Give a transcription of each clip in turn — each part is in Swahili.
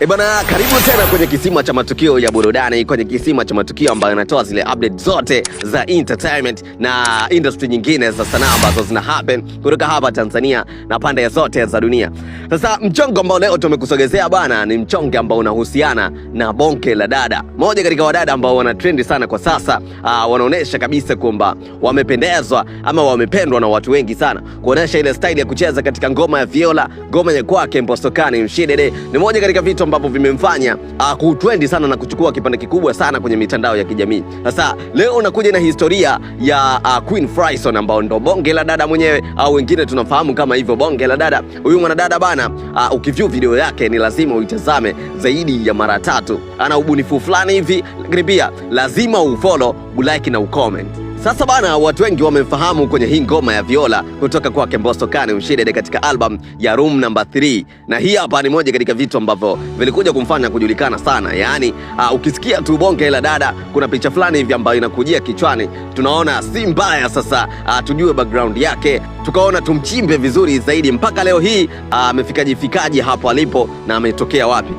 E eh bana, karibu tena kwenye kisima cha matukio ya burudani, kwenye kisima cha matukio ambayo inatoa zile update zote za entertainment na industry nyingine za sanaa ambazo zina happen kutoka hapa Tanzania na pande zote za dunia. Sasa mchongo ambao leo tumekusogezea bana ni mchongo ambao unahusiana na bonke la dada, moja katika wadada ambao wana trendi sana kwa sasa. Uh, wanaonesha kabisa kwamba wamependezwa ama wamependwa na watu wengi sana, kuonesha ile style ya kucheza katika ngoma ya viola, ngoma ya kwake Mbosso Kani Mshidede ni moja katika vitu ambavyo vimemfanya uh, kutrendi sana na kuchukua kipande kikubwa sana kwenye mitandao ya kijamii. Sasa leo unakuja na historia ya uh, Queen Fryson ambao ndo bonge la dada mwenyewe au uh, wengine tunafahamu kama hivyo bonge la dada. Huyu mwanadada bana, uh, ukiview video yake ni lazima uitazame zaidi ya mara tatu. Ana ubunifu fulani hivi, lakini pia lazima ufollow, ulike na ucomment. Sasa bana, watu wengi wamemfahamu kwenye hii ngoma ya viola kutoka kwake Mbosso Kane Mshidede katika album ya Room Number 3, na hii hapa ni moja katika vitu ambavyo vilikuja kumfanya kujulikana sana. Yaani uh, ukisikia tu bonge la dada, kuna picha fulani hivi ambayo inakujia kichwani, tunaona si mbaya. Sasa uh, tujue background yake, tukaona tumchimbe vizuri zaidi mpaka leo hii ah, amefika uh, jifikaji hapo alipo na ametokea wapi.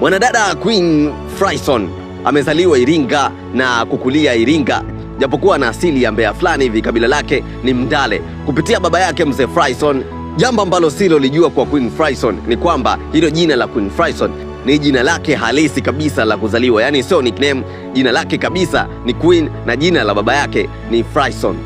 Mwanadada Queen Fryson amezaliwa Iringa na kukulia Iringa japokuwa ana asili ya Mbeya fulani hivi, kabila lake ni mdale kupitia baba yake mzee Fryson. Jambo ambalo silolijua kwa Queen Fryson ni kwamba hilo jina la Queen Fryson ni jina lake halisi kabisa la kuzaliwa, yaani sio nickname. Jina lake kabisa ni Queen na jina la baba yake ni Fryson.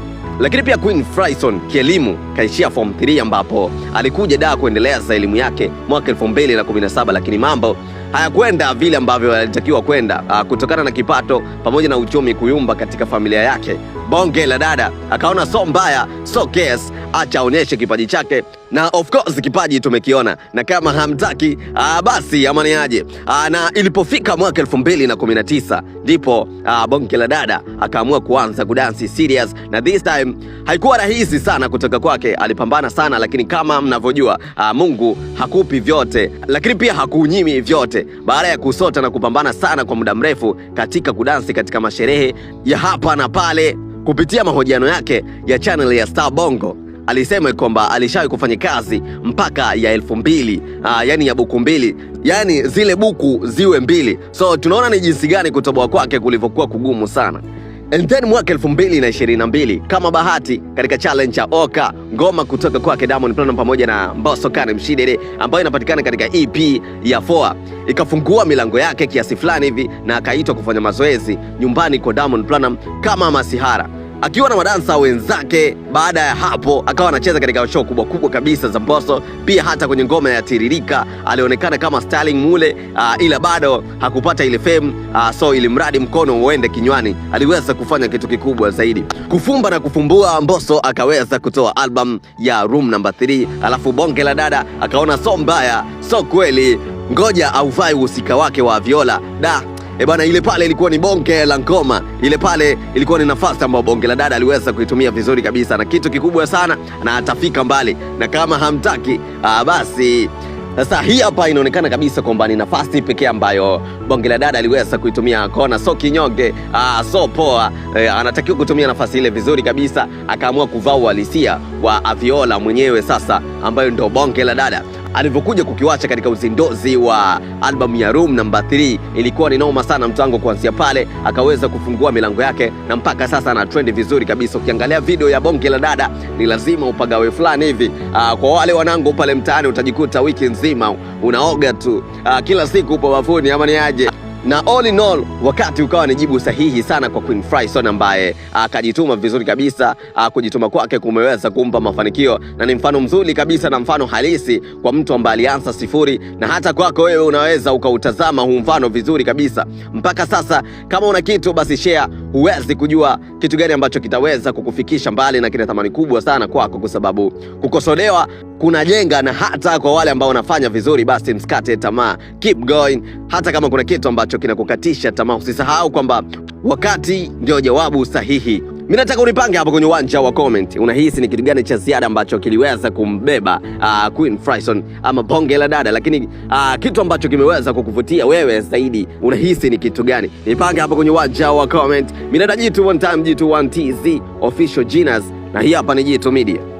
Lakini pia Queen Fryson kielimu kaishia form 3 ambapo alikuja daa kuendelea za elimu yake mwaka 2017 lakini mambo hayakwenda vile ambavyo yalitakiwa kwenda uh, kutokana na kipato pamoja na uchumi kuyumba katika familia yake. Bonge la dada akaona so mbaya so kes, acha aonyeshe kipaji chake na of course kipaji tumekiona, na kama hamtaki aa, ah, basi amaniaje. Ah, na ilipofika mwaka elfu mbili na kumi na tisa ndipo ah, bonge la dada akaamua kuanza kudansi serious, na this time haikuwa rahisi sana kutoka kwake, alipambana sana, lakini kama mnavyojua Mungu hakupi vyote, lakini pia hakunyimi vyote. Baada ya kusota na kupambana sana kwa muda mrefu katika kudansi katika masherehe ya hapa na pale, kupitia mahojiano yake ya channel ya Star Bongo alisema kwamba alishawahi kufanya kazi mpaka ya elfu mbili aa, ah, yani ya buku mbili, yani zile buku ziwe mbili. So tunaona ni jinsi gani kutoboa kwake kulivyokuwa kugumu sana. And then mwaka mbili kama bahati katika challenge ya Oka ngoma kutoka kwake Diamond Platnumz pamoja na Mbosso Kane Mshidede ambayo inapatikana katika EP ya Foa ikafungua milango yake kiasi fulani hivi na akaitwa kufanya mazoezi nyumbani kwa Diamond Platnumz kama masihara akiwa na madansa wenzake. Baada ya hapo, akawa anacheza katika show kubwa kubwa kabisa za Mbosso, pia hata kwenye ngoma ya Tiririka alionekana kama Sterling mule, uh, ila bado hakupata ile fame uh, so ili mradi mkono uende kinywani, aliweza kufanya kitu kikubwa zaidi. Kufumba na kufumbua, Mbosso akaweza kutoa album ya Room Number 3, alafu bonge la dada akaona so mbaya so kweli, ngoja auvai uhusika wake wa Viola da E eh, bana, ile pale ilikuwa ni bonge la ngoma. Ile pale ilikuwa ni nafasi ambayo bonge la dada aliweza kuitumia vizuri kabisa, na kitu kikubwa sana, na atafika mbali, na kama hamtaki ah, basi sasa hii hapa inaonekana kabisa kwamba ni nafasi pekee ambayo bonge la dada aliweza kuitumia kona, so kinyonge, ah, so poa. E, anatakiwa kutumia nafasi ile vizuri kabisa, akaamua kuvaa uhalisia wa Aviola mwenyewe sasa, ambayo ndio bonge la dada alivyokuja kukiwacha katika uzinduzi wa albamu ya Room namba 3 ilikuwa ni noma sana mtango. Kuanzia pale akaweza kufungua milango yake na mpaka sasa ana trendi vizuri kabisa. Ukiangalia video ya bonge la dada ni lazima upagawe fulani hivi. Aa, ah, kwa wale wanangu pale mtaani utajikuta wiki nzima unaoga tu. Aa, ah, kila siku upo bafuni ama ni aje? na all in all wakati ukawa ni jibu sahihi sana kwa Queen Fryson ambaye ah, akajituma vizuri kabisa. Ah, kujituma kwake kumeweza kumpa mafanikio na ni mfano mzuri kabisa na mfano halisi kwa mtu ambaye alianza sifuri, na hata kwako wewe unaweza ukautazama huu mfano vizuri kabisa mpaka sasa. Kama una kitu basi share huwezi kujua kitu gani ambacho kitaweza kukufikisha mbali na kina thamani kubwa sana kwako, kwa sababu kukosolewa kunajenga, na hata kwa wale ambao wanafanya vizuri, basi msikate tamaa, keep going, hata kama kuna kitu ambacho kinakukatisha tamaa. Usisahau kwamba wakati ndio jawabu sahihi. Mimi nataka unipange hapo kwenye uwanja wa comment. Unahisi ni kitu gani cha ziada ambacho kiliweza kumbeba uh, Queen Fryson ama bonge la dada, lakini uh, kitu ambacho kimeweza kukuvutia wewe zaidi unahisi ni kitu gani? Nipange hapo kwenye uwanja wa comment. Mimi ni Jitu one time, Jitu one TZ official Genius, na hii hapa ni Jitu Media.